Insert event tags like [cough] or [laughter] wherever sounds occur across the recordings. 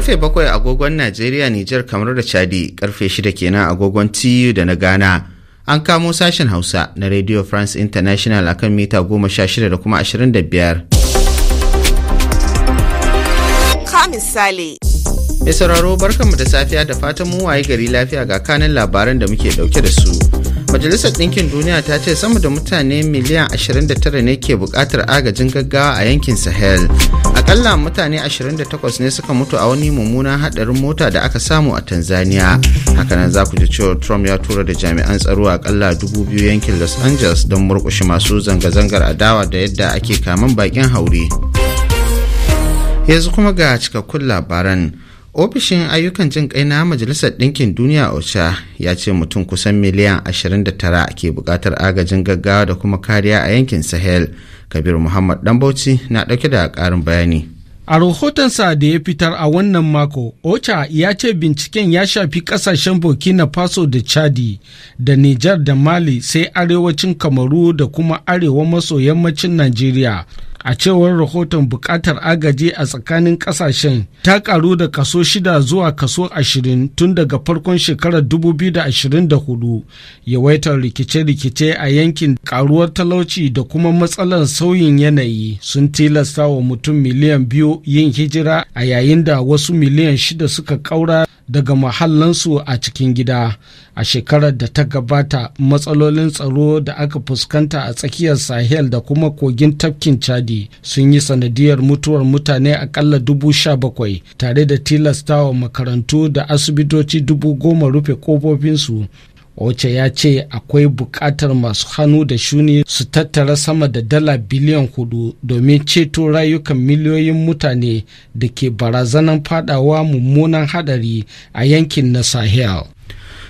Karfe bakwai agogon Najeriya, Nijar, kamar da Chadi, karfe shida kenan agogon TU da na Ghana. An kamo sashen Hausa na Radio France International akan mita goma sha shida da kuma ashirin da biyar. Ka misali. Mai sauraro barkanmu da safiya da fatan mu waye gari lafiya ga kanin labaran da muke dauke da su. Majalisar Ɗinkin Duniya ta ce sama da mutane miliyan 29 ne ke buƙatar agajin gaggawa a yankin Sahel. Akalla mutane 28 ne suka mutu a wani mummunan haɗarin mota da aka samu a Tanzania. Hakanan za ku ji cewa Trump ya tura da jami'an tsaro a akalla biyu yankin Los Angeles don murƙushe masu zanga-zangar adawa da yadda ake kaman bakin haure. Yanzu kuma ga cikakkun labaran. ofishin ayyukan jin kai na majalisar ɗinkin duniya osha ya ce mutum kusan miliyan 29 ke buƙatar agajin gaggawa da kuma kariya a yankin sahel kabir muhammad bauchi na ɗauke da ƙarin bayani a rahotonsa da ya fitar a wannan mako ocha ya ce binciken ya shafi kasashen burkina faso da chadi da nijar da mali sai arewacin kamaru da kuma arewa maso yammacin najeriya a cewar rahoton buƙatar agaji a tsakanin kasashen ta ƙaru da kaso shida zuwa kaso ashirin tun daga farkon shekarar da hudu yawaitar rikice-rikice a yankin ƙaruwar talauci da kuma matsalar sauyin yanayi sun tilasta wa mutum miliyan biyu yin hijira a yayin da wasu miliyan shida suka kaura daga mahallansu a cikin gida a shekarar da ta gabata matsalolin tsaro da aka fuskanta a tsakiyar sahel da kuma kogin tafkin chadi sun yi sanadiyar mutuwar mutane akalla dubu sha bakwai tare da tilastawa makarantu da asibitoci dubu goma rufe kofofinsu wacce ya ce akwai bukatar masu hannu da shuni su tattara sama da dala biliyan hudu domin ceto rayukan miliyoyin mutane da ke barazanan fadawa mummunan hadari a yankin na Sahel.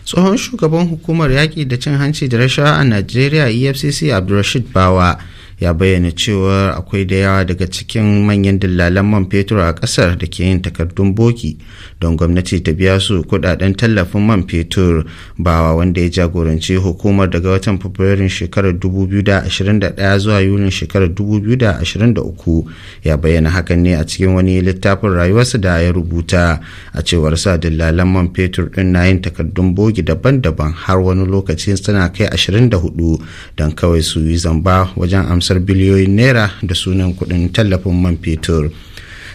Tsohon shugaban hukumar yaƙi da cin hanci da rashawa a Najeriya EFCC Abdulrashid Bawa ya bayyana cewa akwai da yawa daga cikin manyan dillalan man fetur a kasar da ke yin takardun boki don gwamnati ta biya su kudaden tallafin man fetur bawa wanda ya jagoranci hukumar daga watan fabrairun shekarar 2021 zuwa yulin shekarar 2023 ya bayyana hakan ne a cikin wani littafin rayuwarsa da ya rubuta a cewar sa dillalan man fetur din na yin takardun bogi daban-daban har wani lokaci suna kai 24 don kawai su yi zamba wajen amsa kwasar biliyoyin naira da sunan kuɗin tallafin man fetur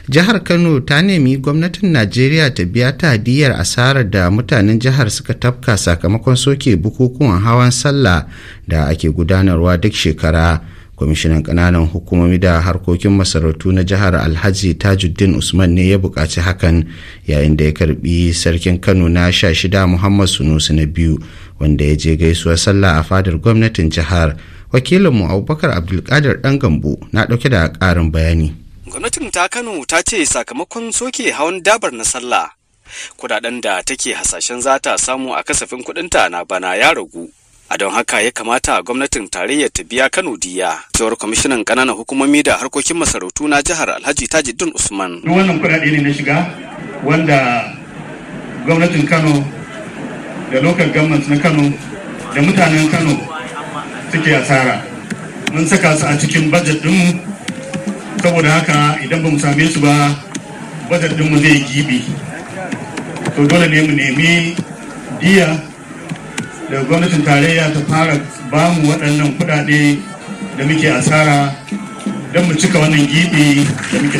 jihar kano ta nemi gwamnatin najeriya ta biya ta hadiyar asarar da mutanen jihar suka tafka sakamakon soke bukukuwan hawan sallah da ake gudanarwa duk shekara kwamishinan kananan hukumomi da harkokin masarautu na jihar alhaji tajuddin usman ne ya buƙaci hakan yayin da ya karbi sarkin kano na sha shida muhammad sunusu na biyu wanda ya je gaisuwa sallah a fadar gwamnatin jihar wakilinmu abubakar abdulkadir dan gambo na ɗauke da ƙarin bayani gwamnatin ta kano ta ce sakamakon soke hawan dabar na sallah kudaden da take hasashen za ta samu a kasafin kudinta na bana ya ragu a don haka ya kamata gwamnatin tarayyar ta biya kano diya cewar kwamishinan kananan hukumomi da harkokin masarautu na jihar alhaji tajiddin usman wannan kuɗaɗe ne na shiga wanda gwamnatin kano da local government na kano da mutanen kano suke asara mun saka su a cikin budget ɗinmu saboda haka idan ba mu same su ba budget ɗinmu zai gibi to dole ne mu nemi diya da gwamnatin tarayya ta fara bamu waɗannan kuɗaɗe da muke asara don mu cika wannan gibi da muke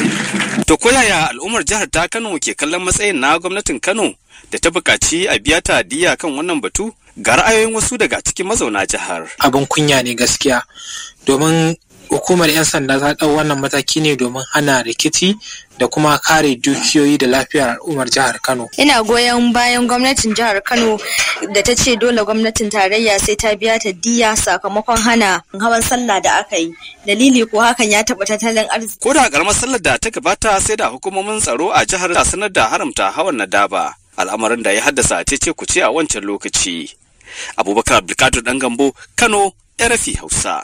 To yaya al'ummar jihar ta Kano ke kallon matsayin na gwamnatin Kano da ta buƙaci a biya ta diya kan wannan batu ga ra'ayoyin wasu daga cikin mazauna jihar. Abin kunya ne gaskiya domin hukumar 'yan sanda ta ɗau wannan mataki ne domin hana rikici da kuma kare dukiyoyi da lafiyar al'ummar jihar kano ina goyon bayan gwamnatin jihar kano da ta ce dole gwamnatin tarayya sai ta biya ta diya sakamakon hana hawan sallah da aka yi dalili ko hakan ya taɓa tattalin arziki ko da karamar sallar da ta gabata sai da hukumomin tsaro a jihar ta sanar da haramta hawan na daba al'amarin da ya haddasa ce-ce ku ce a wancan lokaci abubakar abdulkadir dan gambo kano rfi hausa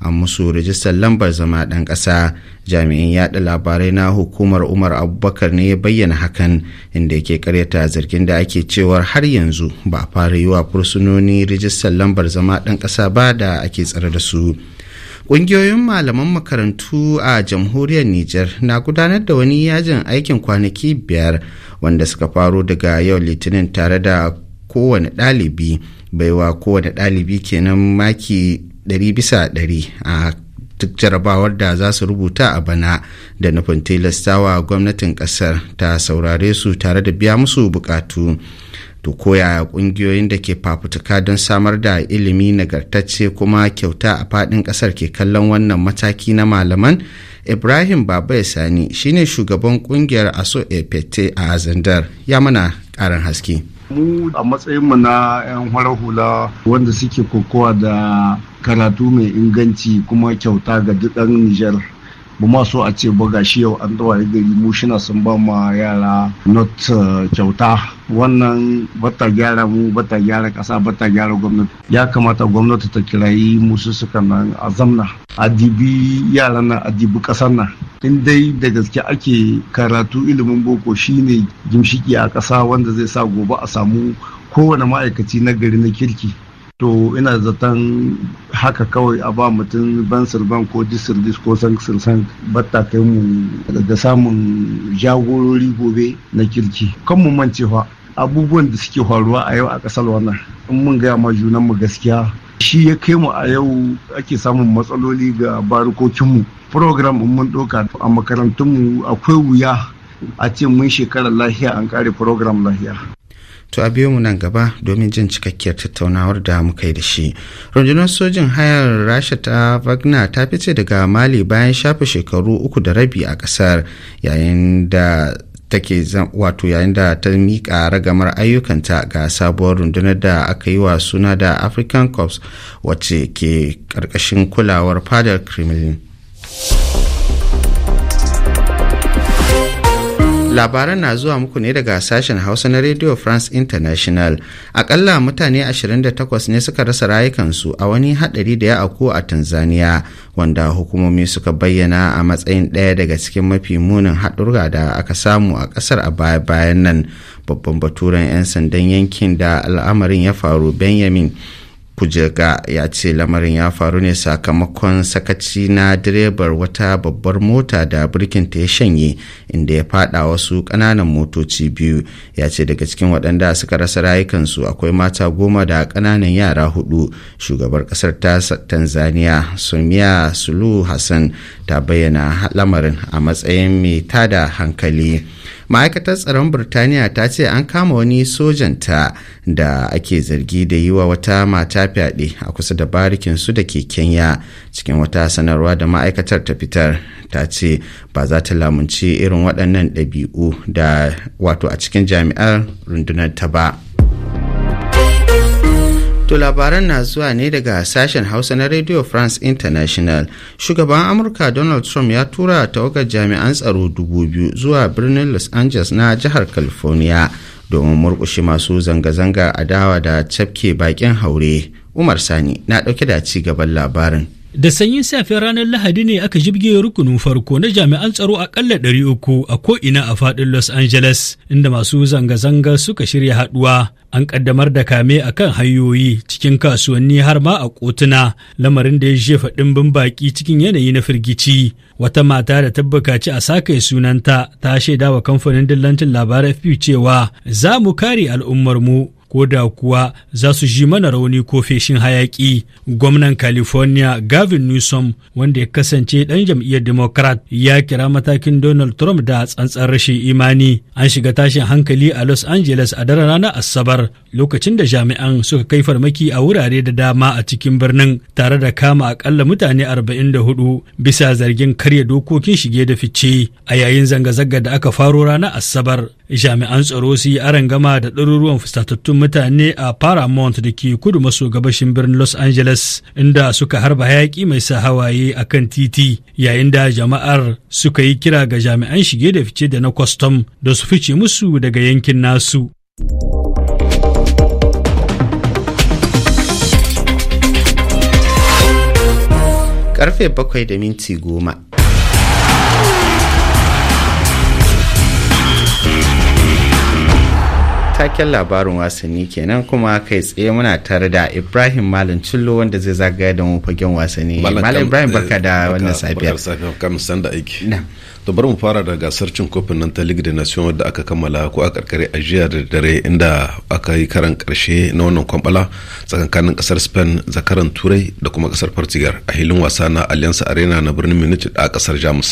an musu rijistar lambar zama ɗan ƙasa jami'in yaɗa labarai na hukumar umar abubakar ne ya bayyana hakan inda yake karyata zargin da ake cewar har yanzu ba a fara yi wa fursunoni rijistar lambar zama ɗan ƙasa ba da ake tsare da su Ƙungiyoyin malaman makarantu a jamhuriyar Nijar na gudanar da wani yajin aikin kwanaki biyar wanda suka faro daga yau litinin tare da kowane ɗalibi baiwa kowane ɗalibi kenan maki ɗari bisa ɗari a duk jarabawar da za su rubuta a bana da nufin tilastawa gwamnatin ƙasar ta saurare su tare da biya musu bukatu to koya ƙungiyoyin da ke fafutuka don samar da ilimi nagartacce kuma kyauta a faɗin ƙasar ke kallon wannan mataki na malaman ibrahim baba sani shine shugaban kungiyar aso epete a zandar ya mana ƙarin haske mu a matsayinmu na 'yan farar hula wanda suke kokowa da karatu mai inganci kuma kyauta ga duk ɗan nijar ba ma so a ce ba ga shi yau an dawaye gari mu shina sun ba ma yara not eh, kyauta wannan bata gyara mu bata gyara kasa bata gyara gwamnati ya kamata gwamnati ta kirayi musu suka nan a zamna a dibi yaran nan a dibi kasar nan in dai da gaske ake karatu ilimin boko shine gimshiki a kasa wanda zai sa gobe a samu kowane ma'aikaci na gari na kirki to ina zaton haka kawai a ba mutum ban sirban ko disirgis ko san sirsan batta kai mu da samun jagorori gobe na kirki kan mu mancewa abubuwan da suke faruwa a yau a ƙasar wannan in mun gaya ma junan mu gaskiya shi ya kai mu a yau ake samun matsaloli ga mu program mun ɗauka a makarantun mu akwai wuya a ce mun shekarar lahiya an kare program lahiya to a biyo mu nan gaba domin jin cikakkiyar tattaunawar da muka yi da shi rundunar sojin hayar rasha ta wagner ta fice daga mali bayan shafe shekaru uku da rabi a kasar yayin da take wato yayin da ta miƙa ragamar ayyukanta ga sabuwar rundunar da aka yi wa suna da african corps wacce ke ƙarƙashin kulawar fadar kremlin labaran na zuwa muku ne daga sashen hausa na radio france international akalla mutane 28 ne suka rasa rayukansu a wani hadari da ya auku a tanzania wanda hukumomi suka bayyana a matsayin ɗaya daga cikin mafi munin haɗurra da aka samu a ƙasar a baya-bayan nan babban baturen 'yan sandan yankin da al'amarin ya faru benjamin kujega ya ce lamarin ya faru ne sakamakon sakaci na direbar wata babbar mota da birkinta ya shanye inda ya fada wasu ƙananan motoci biyu ya ce daga cikin waɗanda suka rasa rayukansu akwai mata goma da ƙananan yara hudu shugabar ƙasar ta tanzania sumiya sulu hassan ta bayyana lamarin a matsayin mai tada hankali. ma'aikatar tsaron birtaniya ta ce an kama wani sojanta da ake zargi da yi wa wata mata fyaɗe a kusa da barikin su da ke kenya cikin wata sanarwa da ma'aikatar ta fitar ta ce ba za ta lamunci irin waɗannan ɗabi'u da wato a cikin jami'ar rundunar ta ba To labaran na zuwa ne daga sashen Hausa na Radio France International. Shugaban Amurka Donald Trump ya tura tawagar jami'an tsaro dubu biyu zuwa birnin Los Angeles na jihar California domin murkushe masu zanga-zanga adawa da cafke bakin haure. Umar Sani na ɗauke da ci gaban labarin. Da sanyin safe ranar Lahadi ne aka jibge rukunin farko na jami'an tsaro akalla uku a ko'ina a faɗin Los Angeles, inda masu zanga-zanga suka shirya haɗuwa. An ƙaddamar da kame a kan hanyoyi cikin kasuwanni har ma a kotuna, lamarin da ya jefa ɗimbin baƙi cikin yanayi na firgici. Wata mata da ta ce a sake sunanta ta shaida wa kamfanin dillancin labarai FP cewa za mu kare al'ummar mu. ko da kuwa za su ji mana rauni ko feshin hayaki gwamnan california gavin newsom wanda ya kasance ɗan jam'iyyar democrat ya kira matakin donald trump da tsantsar rashin imani an shiga tashin hankali a los angeles a daren ranar asabar lokacin da jami'an suka kai farmaki a wurare da dama a cikin birnin tare da kama akalla mutane arba'in da hudu, bisa zargin karya dokokin shige da fice a yayin zanga-zanga da aka faro ranar asabar jami'an tsaro su yi gama da ɗaruruwan fusatattun mutane a paramount da ke kudu maso gabashin birnin los angeles inda suka harba hayaƙi mai sa hawaye a kan titi yayin da jama'ar suka yi kira ga jami'an shige da fice da na kwastam da su fice musu daga yankin nasu karfe bakwai da minti goma taken labarin wasanni kenan kuma kai tsaye muna tare da ibrahim malam cillo wanda zai zagaya da mu fagen wasanni malam ibrahim eh, barka da wannan safiya to bari mu fara da gasar cin kofin nan ta league de nation wadda aka kammala ko a karkare a jiya da dare inda aka yi karan karshe na wannan kwambala tsakankanin kasar spain zakaran turai da kuma kasar portugal a hilin wasa na alliance arena na birnin munich a kasar jamus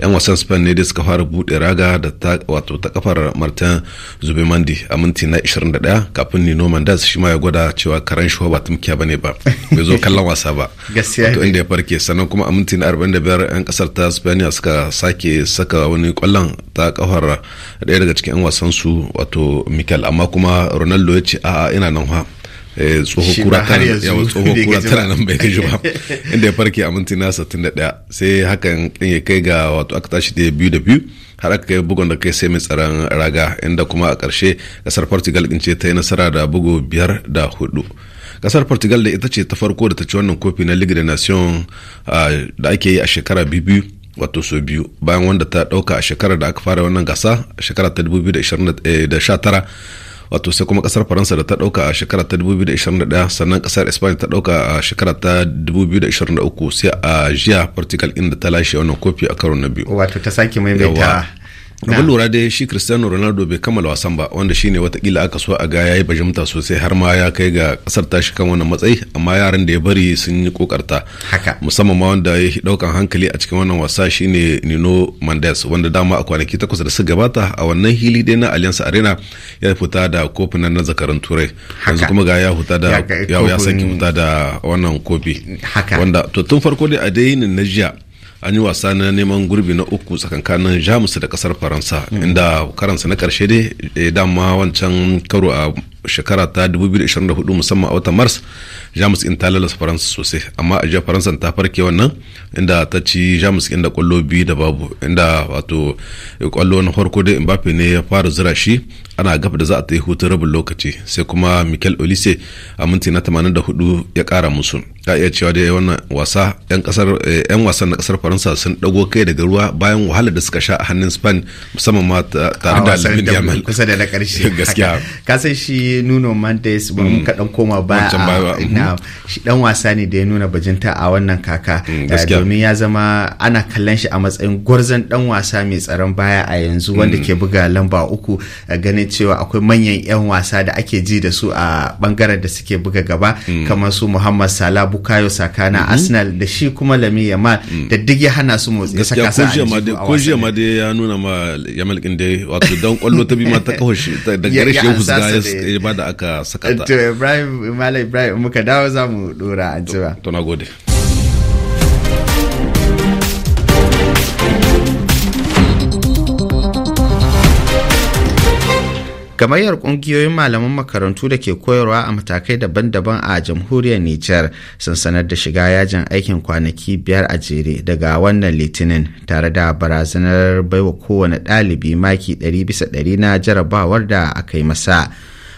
yan wasan spain ne da suka fara bude raga da ta wato ta kafar martin zubimandi a minti na 21 kafin nino mandas shi ma ya gwada cewa karan shi ba tumkiya bane ba bai zo kallon wasa ba [laughs] to inda ya farke sannan kuma a minti na 45 yan kasar ta spain suka sake sake saka wani kwallon ta kafar daya daga cikin 'yan wasan su wato mikel amma kuma ronaldo ya ce a'a ina nan fa eh, tsoho kura tana nan bai gaji ba [laughs] inda ya farke a minti na 61 sai hakan ya kai ga wato aka tashi da biyu da biyu har aka kai bugun da kai sai mai tsaron raga inda kuma a karshe kasar portugal ɗin ce ta yi nasara da bugu biyar da hudu kasar portugal da ita ce ta farko da ta ci wannan kofi na ligue de nation ah, da ake yi a shekara biyu wato so biyu bayan wanda ta dauka a shekarar da aka fara wannan gasa a shekara ta 2019 eh, wato sai kuma kasar faransa da ta dauka a shekara ta 2021 sannan kasar ispani ta dauka a shekara ta 2023 sai a jiya portugal inda ta lashe wannan kofi a karo na biyu wato ta sake maimaita abin lura da shi cristiano ronaldo bai kammala wasan ba wanda shine watakila aka so a ga ya yi bajimta sosai har ma ya kai ga kasar tashi kan wannan matsayi amma yaran da ya bari sun yi kokarta musamman ma wanda ya daukan hankali a cikin wannan wasa shine nino mendes wanda dama a kwanaki takwas da su gabata a wannan hili dai na alliance arena ya fita da kofin na zakarin turai yanzu kuma ga ya fita da ya saki fita da wannan kofi wanda to tun farko dai a dai na jiya an yi wasa na neman gurbi na uku tsakankanin jamus da kasar faransa inda karansa na karshe dai eh, dama wancan karo a shekara ta 2024 musamman a watan mars jamus in ta lalasa faransa sosai amma a faransa ta farke wannan inda ta ci jamus inda kwallo biyu da babu inda wato kwallo na farko dai mbappe ne ya fara zira shi ana gaba da za a ta yi hutun rabin lokaci sai kuma mikel olise a minti na 84 ya kara musu ta iya cewa dai wannan wasa eh, yan wasan na kasar faransa sun dago kai daga ruwa bayan wahalar da suka sha a hannun spain musamman ma tare da lamin yamal kusa da na karshe [laughs] gaskiya ka san shi nuno mandes ba muka mm. dan koma ba a mm-hmm. shi dan wasa ne da ya nuna bajinta a wannan kaka mm, eh, domin ya zama ana kallon shi a matsayin gwarzon dan wasa mai tsaron baya a yanzu wanda mm. ke buga lamba uku eh, ganin cewa akwai manyan yan wasa da ake ji da su a bangaren da suke buga gaba kamar su muhammad sala bukayo saka na mm-hmm. arsenal da shi kuma lami yamal da duk ya hana su motsi ya saka sa ko jiya ma dai ya nuna ma yamal kin dai wato dan kwallo ta bi ma ta kawo shi da gare shi ya ba da aka sakata. ibrahim Imala ibrahim muka dawo za mu dora an ci ba to na gode gamayyar kungiyoyin malaman makarantu da ke koyarwa a matakai daban-daban a jamhuriyar nijar sun sanar da shiga yajin aikin kwanaki biyar a jere daga wannan litinin tare da barazanar baiwa kowane ɗalibi maki 100 bisa 100 na jarabawar da aka yi masa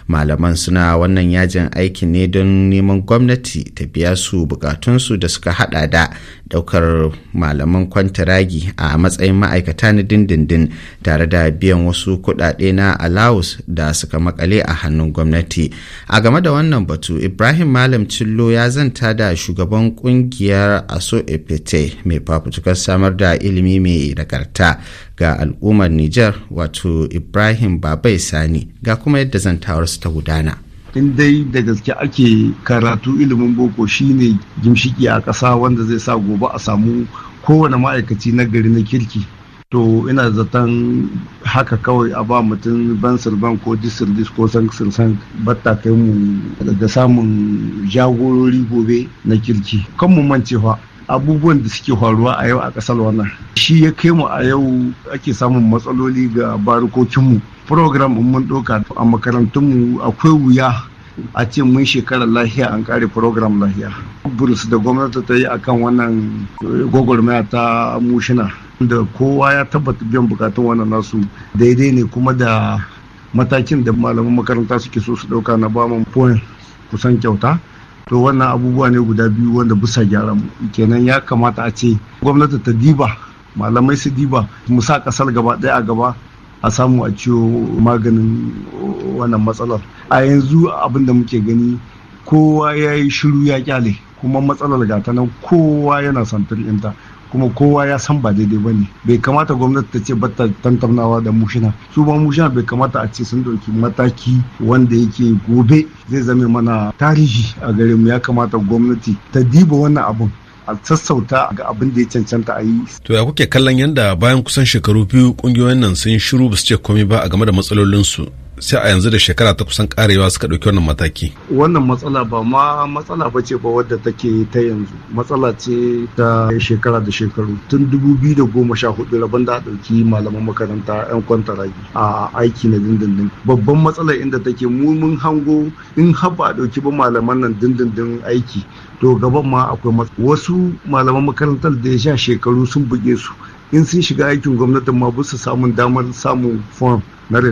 malaman suna wannan yajin aiki ne don neman gwamnati ta biya su bukatunsu da suka hada da daukar malaman kwantaragi a matsayin ma'aikata na dindindin tare da biyan wasu kudade na alawus da suka makale a hannun gwamnati a game da wannan batu ibrahim malam cillo ya zanta da shugaban kungiyar aso epete mai fafutukar samar da ilimi mai nagarta ga al'ummar Nijar wato Ibrahim Babai Sani ga kuma yadda zantawarsu ta gudana. in dai da gaske ake karatu ilimin boko shine gimshiki a ƙasa wanda zai sa gobe a samu kowane ma'aikaci na gari na kirki to ina zaton haka kawai a ba mutum ban sirban ko disirdis ko san sirsan batta kai mu da samun jagorori gobe na kirki kan mu mancewa abubuwan da suke faruwa a yau a ƙasar wannan shi ya kai mu a yau ake samun matsaloli ga barukokinmu program mun ɗauka a makarantunmu akwai wuya a ce mun shekarar lahiya an kare program lahiya burus da gwamnati ta yi akan wannan gwagwarmaya ta mushina da kowa ya tabbata biyan bukatun wannan nasu daidai ne kuma da matakin da malaman makaranta suke so su ɗauka na bamu kusan kyauta to wannan abubuwa ne guda biyu wanda bisa gyaran kenan ya kamata a ce gwamnati ta diba malamai su diba mu sa kasar gaba ɗaya a gaba a samu a ciwo maganin wannan matsalar a yanzu abin da muke gani kowa ya yi shiru ya kyale kuma matsalar gata nan kowa yana santar inta kuma kowa ya san ba daidai ba ne bai kamata gwamnati ta ce ba ta tantaunawa da mushina su ba mushina bai kamata a ce sun dauki mataki wanda yake gobe zai zame mana tarihi a gare mu ya kamata gwamnati ta diba wannan abun a sassauta ga abin da ya cancanta a yi. To ya kuke kallon yadda bayan kusan shekaru biyu kungiyoyin nan sun shiru ba su ce komai ba a game da matsalolinsu sai a yanzu da shekara ta kusan karewa suka ɗauki wannan mataki. Wannan matsala ba ma matsala ba ce ba wadda take ta yanzu matsala ce ta shekara da shekaru tun 2014 rabon da a ɗauki malaman makaranta 'yan kwantaragi a aiki na dindindin. Babban matsala inda take mu mun hango in haba a ɗauki ba malaman nan dindindin aiki to gaban ma akwai wasu malaman makarantar da ya sha shekaru sun buge su in sun shiga aikin gwamnatin ma su samun damar samun form na da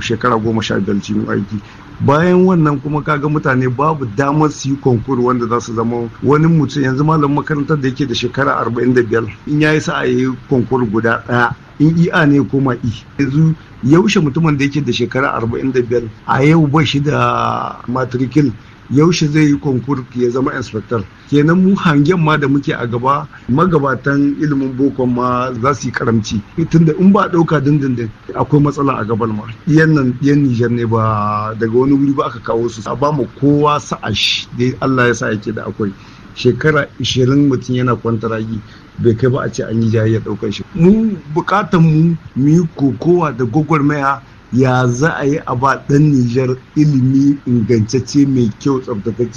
shekara goma sha biyar cikin aiki bayan wannan kuma kaga mutane babu damar su yi konkur wanda za su zama wani mutum yanzu malam makarantar da yake da shekara arba'in da biyar in ya yi sa'a ya yi konkur guda ɗaya in iya e ne kuma i e. yanzu yaushe mutumin da yake da shekara arba'in da biyar a yau ba shi da matrikil yaushe zai yi konkur ya zama inspector kenan mu hangen ma da muke a gaba magabatan ilimin boko ma za su yi karamci tunda in ba ɗauka dindindin akwai matsala a gaban ma yan nan yan nijar ne ba daga wani wuri ba aka kawo su a ba mu kowa sa'ash dai Allah ya sa yake da akwai shekara 20 mutum yana kwantaragi bai kai ba a ce an yi jayayyar ɗaukar shi mu bukatan mu mu yi kokowa da gwagwarmaya ya za a yi a ba ɗan Nijar ilimi ingantacce mai kyau tsabtatacce